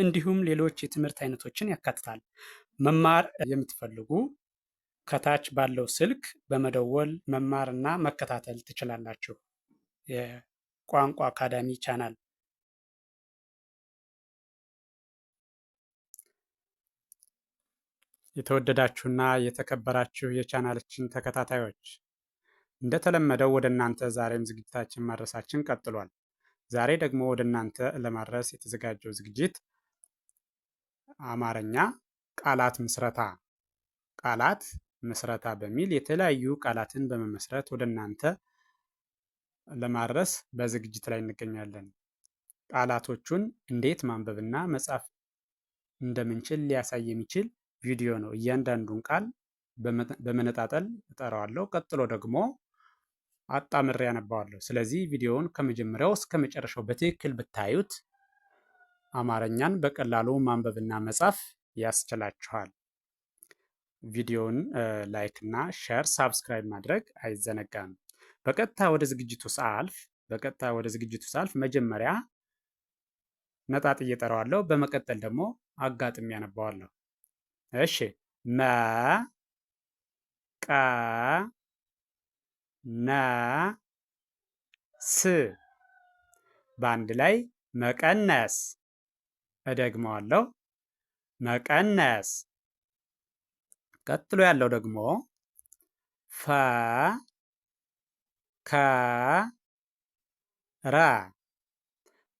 እንዲሁም ሌሎች የትምህርት አይነቶችን ያካትታል። መማር የምትፈልጉ ከታች ባለው ስልክ በመደወል መማርና መከታተል ትችላላችሁ። የቋንቋ አካዳሚ ቻናል። የተወደዳችሁና የተከበራችሁ የቻናላችን ተከታታዮች እንደተለመደው ወደ እናንተ ዛሬም ዝግጅታችን ማድረሳችን ቀጥሏል። ዛሬ ደግሞ ወደ እናንተ ለማድረስ የተዘጋጀው ዝግጅት አማርኛ ቃላት ምስረታ ቃላት ምስረታ በሚል የተለያዩ ቃላትን በመመስረት ወደ እናንተ ለማድረስ በዝግጅት ላይ እንገኛለን። ቃላቶቹን እንዴት ማንበብና መጻፍ እንደምንችል ሊያሳይ የሚችል ቪዲዮ ነው። እያንዳንዱን ቃል በመነጣጠል እጠራዋለሁ። ቀጥሎ ደግሞ አጣምሬ ያነባዋለሁ። ስለዚህ ቪዲዮውን ከመጀመሪያው እስከ መጨረሻው በትክክል ብታዩት አማርኛን በቀላሉ ማንበብና መጻፍ ያስችላችኋል። ቪዲዮውን ላይክ እና ሼር፣ ሳብስክራይብ ማድረግ አይዘነጋም። በቀጥታ ወደ ዝግጅቱ ሳልፍ በቀጥታ ወደ ዝግጅቱ ሳልፍ መጀመሪያ ነጣጥዬ እየጠራዋለሁ፣ በመቀጠል ደግሞ አጋጥሚ ያነባዋለሁ። እሺ መ ቀ ነ ስ በአንድ ላይ መቀነስ እደግመዋለሁ መቀነስ። ቀጥሎ ያለው ደግሞ ፈ ከ ረ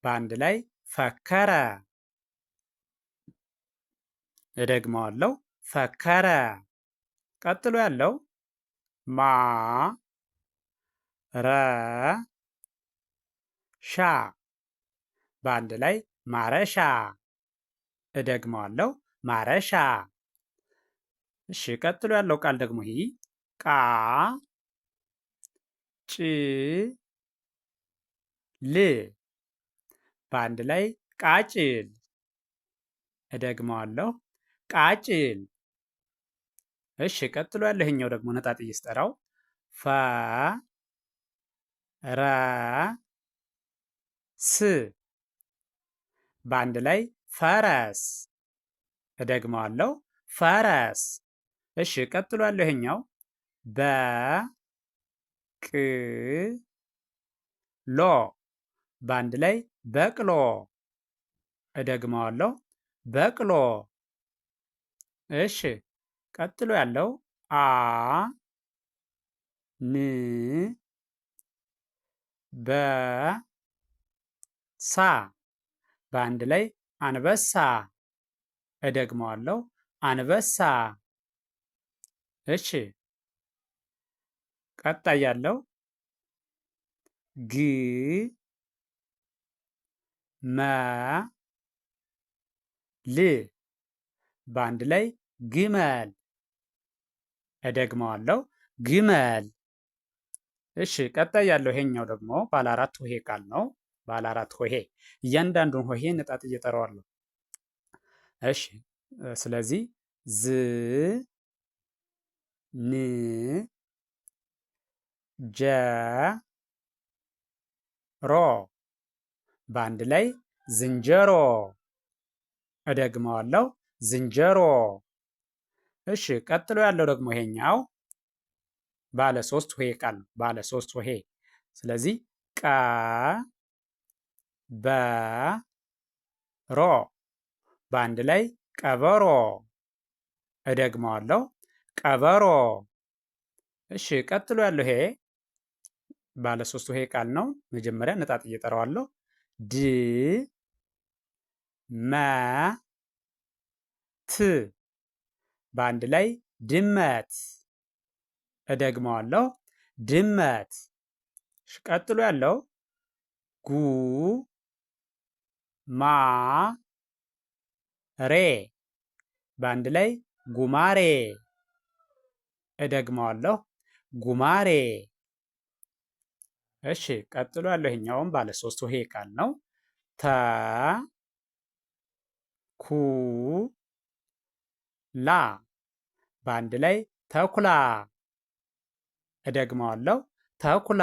በአንድ ላይ ፈከረ። እደግመዋለሁ ፈከረ። ቀጥሎ ያለው ማ ረ ሻ በአንድ ላይ ማረሻ። እደግመዋለሁ፣ ማረሻ። እሺ፣ ቀጥሎ ያለው ቃል ደግሞ ይህ ቃ ጭ ል በአንድ ላይ ቃጭል። እደግመዋለሁ፣ ቃጭል። እሺ፣ ቀጥሎ ያለ ይሄኛው ደግሞ ነጣጥ እየስጠራው ፈ ረ ስ በአንድ ላይ ፈረስ። እደግመዋለሁ፣ ፈረስ። እሺ፣ ቀጥሎ ያለው ቅ በቅሎ፣ በአንድ ላይ በቅሎ። እደግመዋለሁ፣ በቅሎ። እሺ፣ ቀጥሎ ያለው አ ን በ ሳ በአንድ ላይ አንበሳ። እደግመዋለሁ፣ አንበሳ። እሺ፣ ቀጣይ ያለው ግ መ ል በአንድ ላይ ግመል። እደግመዋለሁ፣ ግመል። እሺ፣ ቀጣይ ያለው ይሄኛው ደግሞ ባለ አራት ሆሄ ቃል ነው። ባለ አራት ሆሄ እያንዳንዱን ሆሄ ነጣጥዬ እጠራዋለሁ። እሺ ስለዚህ ዝ ን ጀ ሮ በአንድ ላይ ዝንጀሮ። እደግመዋለሁ ዝንጀሮ። እሺ ቀጥሎ ያለው ደግሞ ይሄኛው ባለ ሶስት ሆሄ ቃል ነው። ባለ ሶስት ሆሄ ስለዚህ ቃ በሮ በአንድ ላይ ቀበሮ። እደግመዋለሁ ቀበሮ። እሺ፣ ቀጥሎ ያለው ሄ ባለ ሶስቱ ቃል ነው። መጀመሪያ ነጣጥ እየጠራዋለሁ ድ መ ት በአንድ ላይ ድመት። እደግመዋለሁ ድመት። ቀጥሎ ያለው ጉ ማ ሬ በአንድ ላይ ጉማሬ። እደግመዋለሁ ጉማሬ። እሺ፣ ቀጥሎ ያለው ይሄኛውም ባለ ሶስት ውሄ ቃል ነው። ተ ኩ ላ በአንድ ላይ ተኩላ። እደግመዋለሁ ተኩላ።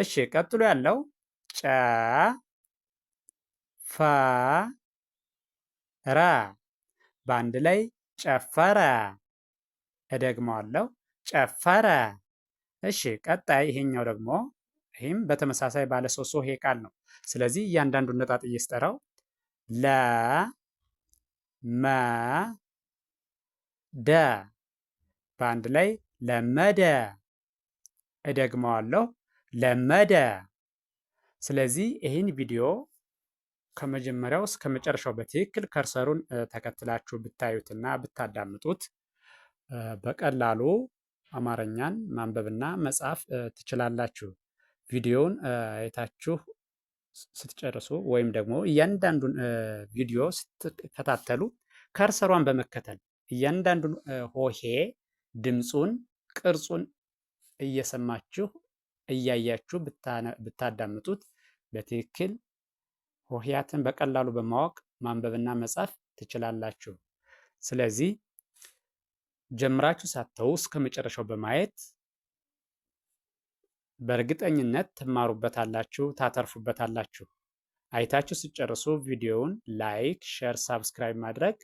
እሺ፣ ቀጥሎ ያለው ጨ ፈ ረ በአንድ ላይ ጨፈረ። እደግመዋለሁ ጨፈረ። እሺ ቀጣይ ይሄኛው ደግሞ ይህም በተመሳሳይ ባለ ሶስት ሆሄ ቃል ነው። ስለዚህ እያንዳንዱ ነጣጥ ስጠራው ለ መ ደ በአንድ ላይ ለመደ። እደግመዋለሁ ለመደ። ስለዚህ ይህን ቪዲዮ ከመጀመሪያው እስከ መጨረሻው በትክክል ከርሰሩን ተከትላችሁ ብታዩትና ብታዳምጡት በቀላሉ አማርኛን ማንበብና መጻፍ ትችላላችሁ። ቪዲዮውን አይታችሁ ስትጨርሱ ወይም ደግሞ እያንዳንዱን ቪዲዮ ስትከታተሉ ከርሰሯን በመከተል እያንዳንዱን ሆሄ ድምፁን፣ ቅርጹን እየሰማችሁ እያያችሁ ብታዳምጡት በትክክል ሆሄያትን በቀላሉ በማወቅ ማንበብና መጻፍ ትችላላችሁ። ስለዚህ ጀምራችሁ ሳትተው እስከ መጨረሻው በማየት በእርግጠኝነት ትማሩበታላችሁ፣ ታተርፉበታላችሁ። አይታችሁ ሲጨርሱ ቪዲዮውን ላይክ፣ ሼር፣ ሳብስክራይብ ማድረግ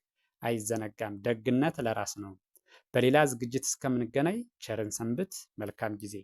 አይዘነጋም። ደግነት ለራስ ነው። በሌላ ዝግጅት እስከምንገናኝ ቸርን ሰንብት። መልካም ጊዜ